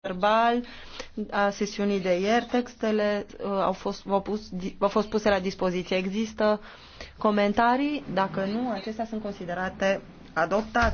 verbal a sesiunii de ieri. Textele uh, au fost, au, pus, au fost puse la dispoziție. Există comentarii? Dacă nu, acestea sunt considerate adoptate.